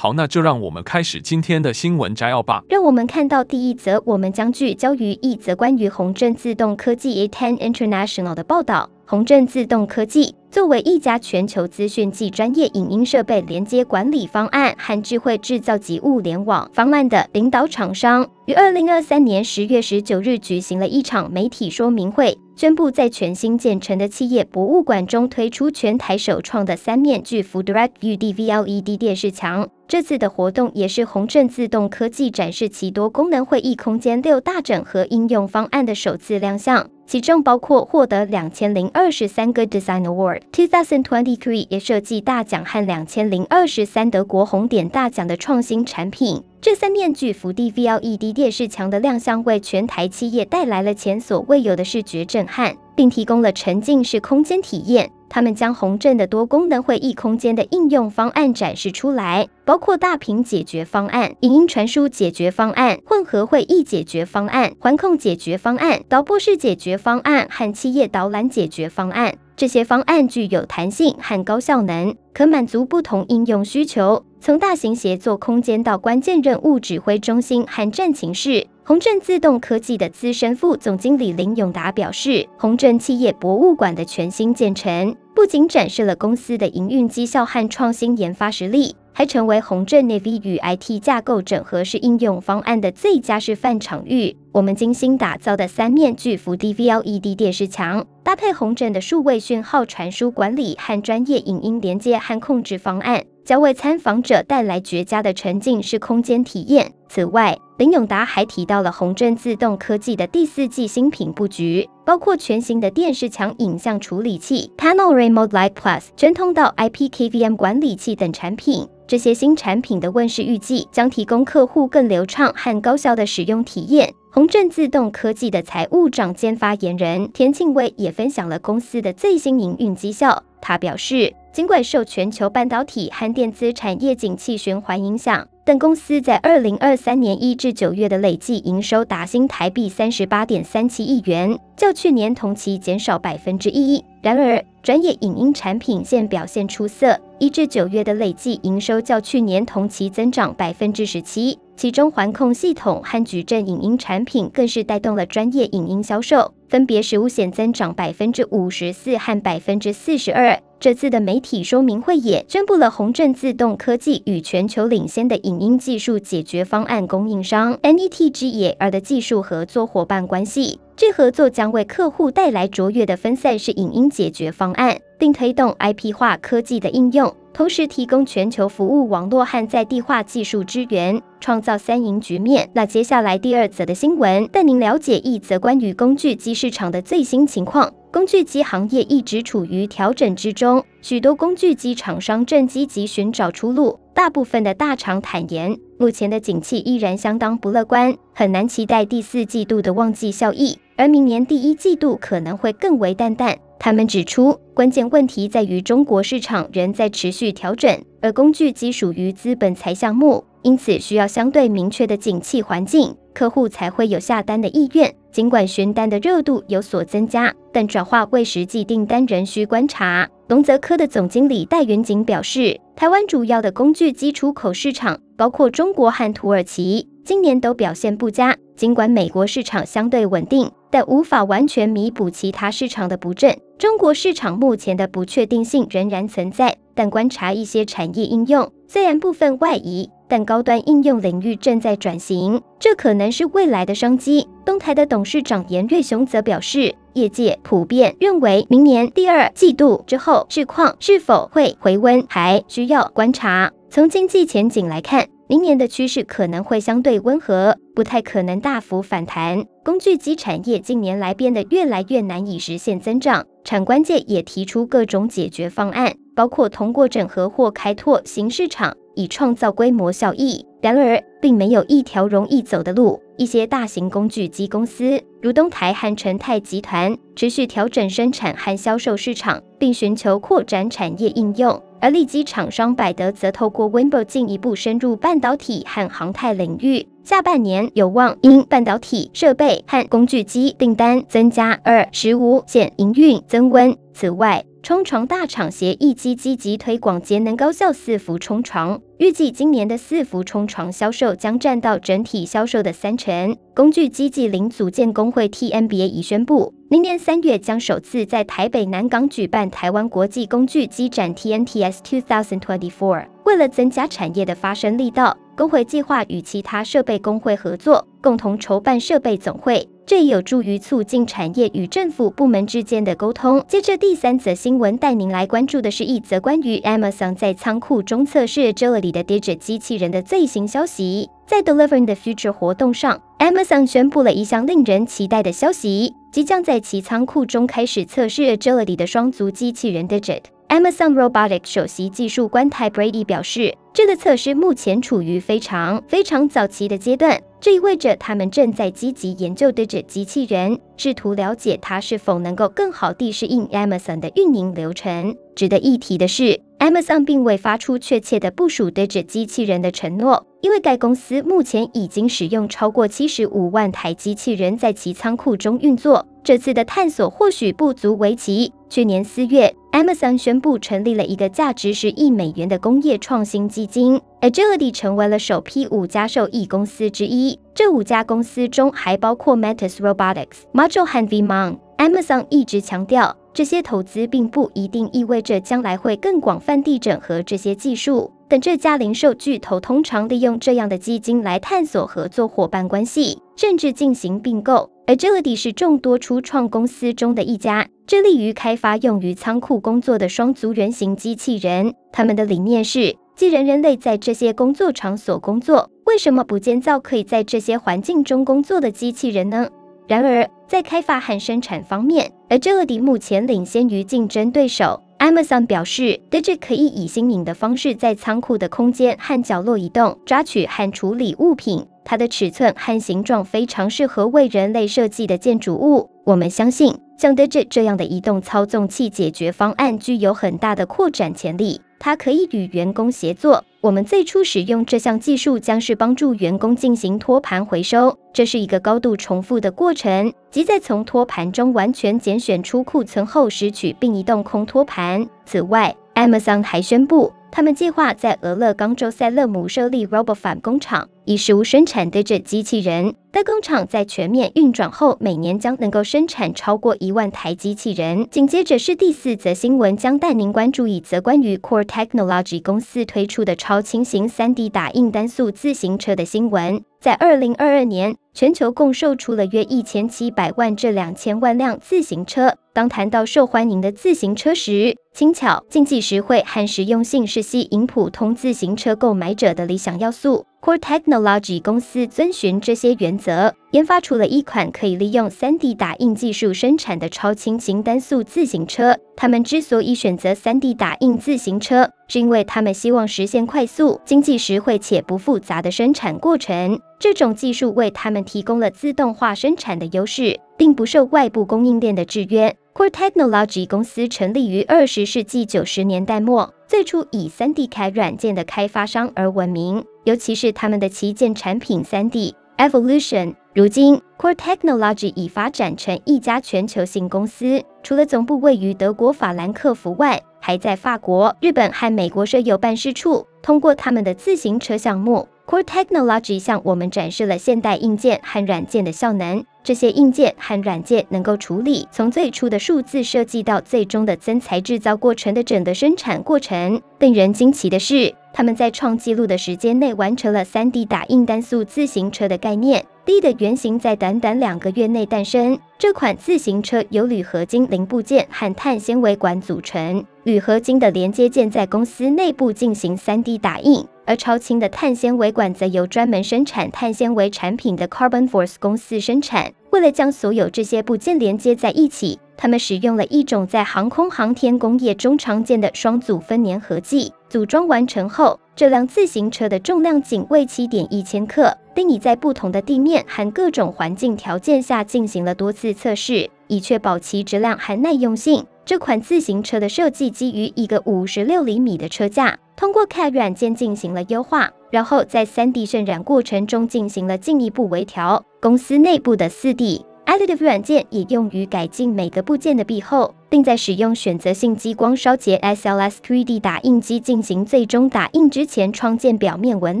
好，那就讓我們開始今天的新聞摘要吧。讓我們看到第一則，我們將聚焦於一則關於宏正自動科技 ATEN International 的報道。宏正自動科技作為一家全球資訊暨專業影音設備連接管理方案和智慧製造及物聯網方案的領導廠商，於二零二三年十月十九日舉行了一場媒體說明會，宣布在全新建成的企業博物館中推出全台首創的三面巨幅 Direct UV LED 電視牆。這次的活動也是宏正自動科技展示其多功能會議空間六大整合應用方案的首次亮相。其中包括獲得兩千零二十三個 Design Award、Two Thousand Twenty Three 也設計大獎和兩千零二十三德國紅點大獎的創新產品。這三面巨幅 DVLED 電視牆的亮相，為全台企業帶來了前所未有的視覺震撼。並提供了沉浸式空間體驗。他們將宏正的多功能會議空間的應用方案展示出來，包括大屏解決方案、影音傳輸解決方案、混合會議解決方案、環控解決方案、導播室解決方案和企業導覽解決方案。這些方案具有彈性和高效能，可滿足不同應用需求，從大型協作空間到關鍵任務指揮中心和戰情室。宏正自動科技的資深副總經理林永達表示，宏正企業博物館的全新建成，不僅展示了公司的營運績效和創新研發實力，還成為宏正 AV 與 IT 架構整合式應用方案的最佳示範場域。我們精心打造的三面巨幅 DVLED 電視牆，搭配宏正的數位訊號傳輸管理，和專業影音連接和控制方案。將為參訪者帶來絕佳的沉浸式空間體驗。此外，林永達還提到了宏正自動科技的第四季新品布局，包括全新的電視牆影像處理器 Panel Remote Lite Plus、全通道 IP KVM 管理器等產品。這些新產品的問世預計將提供客戶更流暢和高效的使用體驗。宏正自動科技的財務長兼發言人田慶偉也分享了公司的最新營運績效。他表示。儘管受全球半導體和電子產業景氣循環影響，但公司在二零二三年一至九月的累計營收達新台幣三十八點三七億元，較去年同期減少百分之一。然而，專業影音產品線表現出色，一至九月的累計營收較去年同期增長百分之十七。其中，環控系統和矩陣影音產品更是帶動了專業影音銷售，分別實現增長百分之五十四和百分之四十二。這次的媒體說明會也宣佈了宏正自動科技與全球領先的影音技術解決方案供應商 NETGEAR 的技術合作夥伴關係。這合作將為客戶帶來卓越的分散式影音解決方案，並推動 IP 化科技的應用。同時提供全球服務網絡和在地化技術支援，創造三贏局面。那接下來第二則的新聞，帶您了解一則關於工具機市場的最新情況。工具機行業一直處於調整之中，許多工具機廠商正積極尋找出路。大部分的大廠坦言，目前的景氣依然相當不樂觀，很難期待第四季度的旺季效益，而明年第一季度可能會更為淡淡。他們指出，關鍵問題在於中國市場仍在持續調整，而工具機屬於資本財項目，因此需要相對明確的景氣環境，客戶才會有下單的意願。儘管詢單的熱度有所增加，但轉化為實際訂單仍需觀察。龍澤科的總經理戴遠景表示，台灣主要的工具機出口市場包括中國和土耳其。今年都表現不佳，儘管美國市場相對穩定，但無法完全彌補其他市場的不振。中國市場目前的不確定性仍然存在，但觀察一些產業應用，雖然部分外移，但高端應用領域正在轉型，這可能是未來的商機。東台的董事長嚴瑞雄則表示，業界普遍認為，明年第二季度之後，市況是否會回溫還需要觀察。從經濟前景來看，明年的趨勢可能會相對溫和，不太可能大幅反彈。工具機產業近年來變得越來越難以實現增長，產官界也提出各種解決方案，包括通過整合或開拓新市場以創造規模效益。然而，並沒有一條容易走的路。一些大型工具機公司，如東台和成泰集團，持續調整生產和銷售市場，並尋求擴展產業應用。而利基廠商百德則透過 Winbro 進一步深入半導體和航太領域，下半年有望因半導體設備和工具機訂單增加二十五%，減營運增溫。此外，沖床大廠協易機積極推廣節能高效伺服沖床，預計今年的伺服沖床銷售將占到整體銷售的三成。工具機暨零組件工會 T N B A 已宣布，明年三月將首次在台北南港舉辦台灣國際工具機展 T N T S 2024，為了增加產業的發聲力道。工會計劃與其他設備公會合作，共同籌辦設備總會。這也有助於促進產業與政府部門之間的溝通。接着，第三則新聞帶您來關注的是一則關於 Amazon 在倉庫中測試 Agility 的 Digit 機器人的最新消息。在 Delivering the Future 活動上，Amazon 宣布了一項令人期待的消息：即將在其倉庫中開始測試 Agility 的雙足機器人 Digit。Amazon Robotics 首席技術官泰布雷迪表示，這個測試目前處於非常非常早期的階段，這意味着他們正在積極研究 Digit 機器人，試圖了解它是否能夠更好地適應 Amazon 的運營流程。值得一提的是，Amazon 並未發出確切的部署 Digit 機器人的承諾，因為該公司目前已經使用超過七十五萬台機器人在其倉庫中運作。這次的探索或許不足為奇。去年四月，Amazon 宣佈成立了一個價值十億美元的工業創新基金，Agility 成為了首批五家受益公司之一。這五家公司中還包括 Mantis Robotics、Modjoule 和 Vimaan。Amazon 一直強調，這些投資並不一定意味着將來會更廣泛地整合這些技術。等這家零售巨頭通常利用這樣的基金來探索合作夥伴關係，甚至進行併購。Agility 是眾多初創公司中的一家，致力於開發用於倉庫工作的雙足原型機器人。他們的理念是：既然人，人類在這些工作場所工作，為什麼不建造可以在這些環境中工作的機器人呢？然而，在開發和生產方面，Agility 目前領先於競爭對手。Amazon 表示，Digit 可以以新穎的方式在倉庫的空間和角落移動、抓取和處理物品。它的尺寸和形狀非常適合為人類設計的建築物。我們相信，像 Digit 這樣的移動操縱器解決方案具有很大的擴展潛力，它可以與員工協作。我們最初使用這項技術，將是幫助員工進行托盤回收，這是一個高度重複的過程，即在從托盤中完全揀選出庫存後拾取並移動空托盤。此外，Amazon 還宣布。他們計劃在俄勒岡州塞勒姆設立 Robofan 工廠，以生產對着機器人。該工廠在全面運轉後，每年將能夠生產超過一萬台機器人。緊接着是第四則新聞，將帶您關注一則關於 Core Technology 公司推出的超輕型 3D 打印單速自行車的新聞。在2022年，全球共售出了約一千七百萬至兩千萬輛自行車。當談到受歡迎的自行車時，輕巧、經濟實惠和實用性是吸引普通自行車購買者的理想要素。Core Technology 公司遵循這些原則，研發出了一款可以利用 3D 打印技術生產的超輕型單速自行車。他們之所以選擇 3D 打印自行車，是因為他們希望實現快速、經濟實惠且不複雜的生產過程。這種技術為他們提供了自動化生產的優勢，並不受外部供應鏈的制約。Core Technology 公司成立於二十世紀九十年代末，最初以 3D CAD 軟件的開發商而聞名，尤其是他們的旗艦產品 3D Evolution。如今，Core Technology 已發展成一家全球性公司，除了總部位於德國法蘭克福外，還在法國、日本和美國設有辦事處。通過他們的自行車項目，Core Technology 向我們展示了現代硬件和軟件的效能。這些硬件和軟件能夠處理從最初的數字設計到最終的增材製造過程的整個生產過程。令人驚奇的是，他們在創紀錄的時間內完成了 3D 打印單速自行車的概念，第一的原型在短短兩個月內誕生。這款自行車由鋁合金零部件和碳纖維管組成。鋁合金的連接件在公司內部進行 3D 打印。而超輕的碳纖維管則由專門生產碳纖維產品的 Carbon Force 公司生產。為了將所有這些部件連接在一起，他們使用了一種在航空航天工業中常見的雙組分粘合劑。組裝完成後，這輛自行車的重量僅為七點一千克。並已在不同的地面和各種環境條件下進行了多次測試，以確保其質量和耐用性。這款自行車的設計基於一個五十六厘米的車架。通過 CAD 軟件進行了優化，然後在 3D 渲染過程中進行了進一步微調。公司內部的 4D additive 軟件也用於改進每個部件的壁厚，並在使用選擇性激光燒結 (SLS) 3D 打印機進行最終打印之前創建表面紋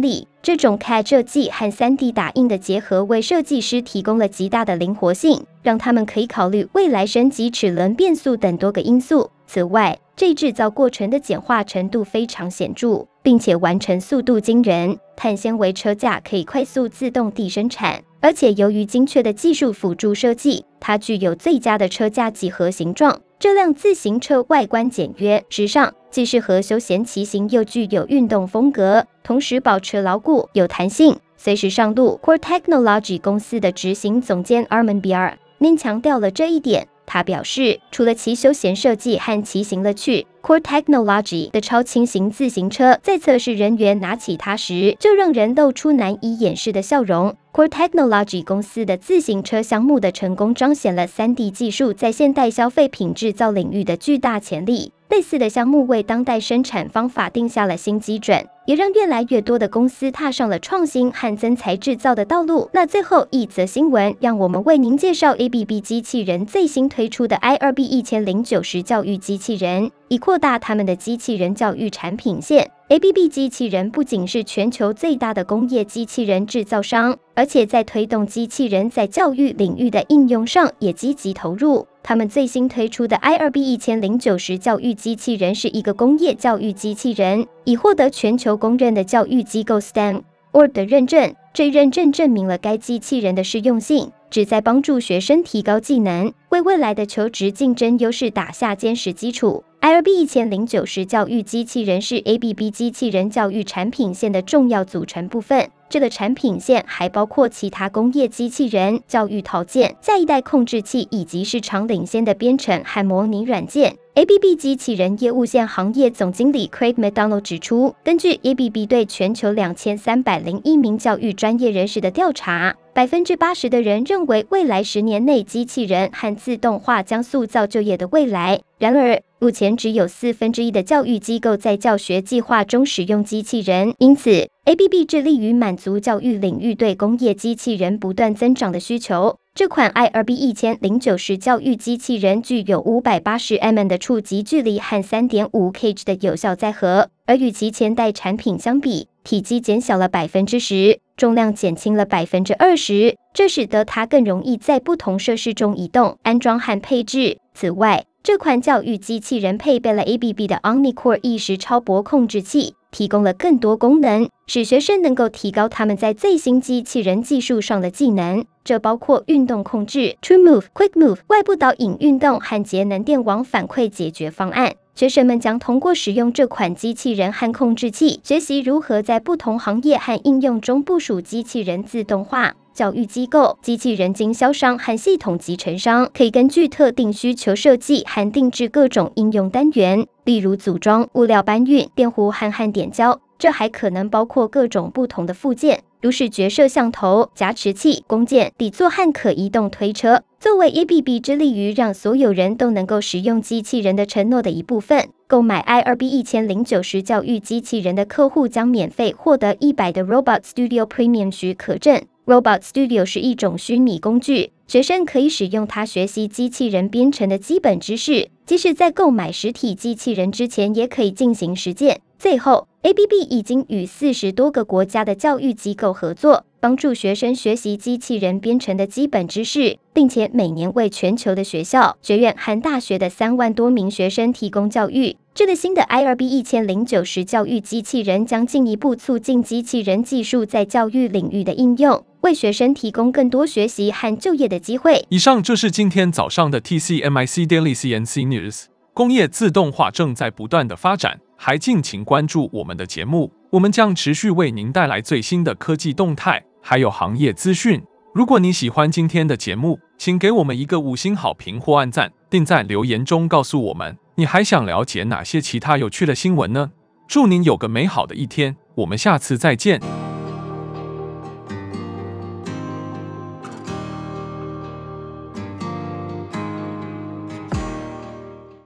理。這種 CAD 設計和 3D 打印的結合為設計師提供了極大的靈活性，讓他們可以考慮未來升級、齒輪變速等多個因素。此外，這一製造過程的簡化程度非常顯著，並且完成速度驚人。碳纖維車架可以快速自動地生產，而且由於精確的技術輔助設計，它具有最佳的車架幾何形狀。這輛自行車外觀簡約時尚，上既適合休閒騎，騎行，又具有運動風格，同時保持牢固、有彈性，隨時上路。Core Technology 公司的執行總監 Armen Bier 您強調了這一點。他表示，除了其休閒設計和騎行樂趣，Core Technology 的超輕型自行車在測試人員拿起它時就讓人露出難以掩飾的笑容。Core Technology 公司的自行車項目的成功彰顯了 3D 技術在現代消費品製造領域的巨大潛力。類似的項目為當代生產方法定下了新基準，也讓越來越多的公司踏上了創新和增材制造的道路。那最後一則新聞，讓我們為您介紹 ABB 機器人最新推出的 IRB 1090教育機器人，以擴大他們的機器人教育產品線。ABB 機器人不僅是全球最大的工業機器人制造商，而且在推動機器人在教育領域的應用上也積極投入。他們最新推出的 IRB 1090教育機器人是一個工業教育機器人，已獲得全球公認的教育機構 STEM.org 認證。這認證證明了該機器人的適用性，旨在幫助學生提高技能，為未來的求職競爭優勢打下堅實基礎。IRB 一千零九十教育機器人是 ABB 機器人教育產品線的重要組成部分。這個產品線還包括其他工業機器人教育套件、下一代控制器以及市場領先的編程和模擬軟件。ABB 機器人業務線行業總經理 Craig McDonald 指出，根據 ABB 對全球兩千三百零一名教育專業人士的調查80，百分之八十的人認為未來十年內機器人和自動化將塑造就業的未來。然而，目前只有四分之一的教育機構在教學計劃中使用機器人，因此 ABB 致力於滿足教育領域對工業機器人不斷增長的需求。這款 IRB 一千零九十教育機器人具有五百八十 mm 的觸及距離和三點五 kg 的有效載荷，而與其前代產品相比，體積減小了百分之十，重量減輕了百分之二十，這使得它更容易在不同設施中移動、安裝和配置。此外，這款教育機器人配備了 ABB 的 OmniCore 意識超薄控制器，提供了更多功能，使學生能夠提高他們在最新機器人技術上的技能。這包括運動控制、TrueMove QuickMove 外部導引運動和節能電網反饋解決方案。學生們將通過使用這款機器人和控制器，學習如何在不同行業和應用中部署機器人自動化。教育機構、機器人經銷商和系統集成商可以根據特定需求設計和定制各種應用單元，例如組裝、物料搬運、電弧焊焊點膠。這還可能包括各種不同的附件，如視覺攝像頭、夾持器、工件、底座和可移動推車。作為 ABB 致力於讓所有人都能夠使用機器人的承諾的一部分，購買 IRB 1090教育機器人的客戶將免費獲得一百的 Robot Studio Premium 許可證。Robot Studio 是一種虛擬工具，學生可以使用它學習機器人編程的基本知識，即使在購買實體機器人之前也可以進行實踐。最後，ABB 已經與四十多個國家的教育機構合作，幫助學生學習機器人編程的基本知識，並且每年為全球的學校、學院和大學的三萬多名學生提供教育。這個新的 IRB 一千零九十教育機器人將進一步促進機器人技術在教育領域的應用，為學生提供更多學習和就業的機會。以上就是今天早上的 TCMIC Daily CNC News。工業自動化正在不斷的發展，還敬請關注我們的節目，我們將持續為您帶來最新的科技動態，還有行業資訊。如果你喜歡今天的節目，請給我們一個五星好評或按讚，並在留言中告訴我們。你還想了解哪些其他有趣的新聞呢？祝您有個美好的一天，我們下次再見。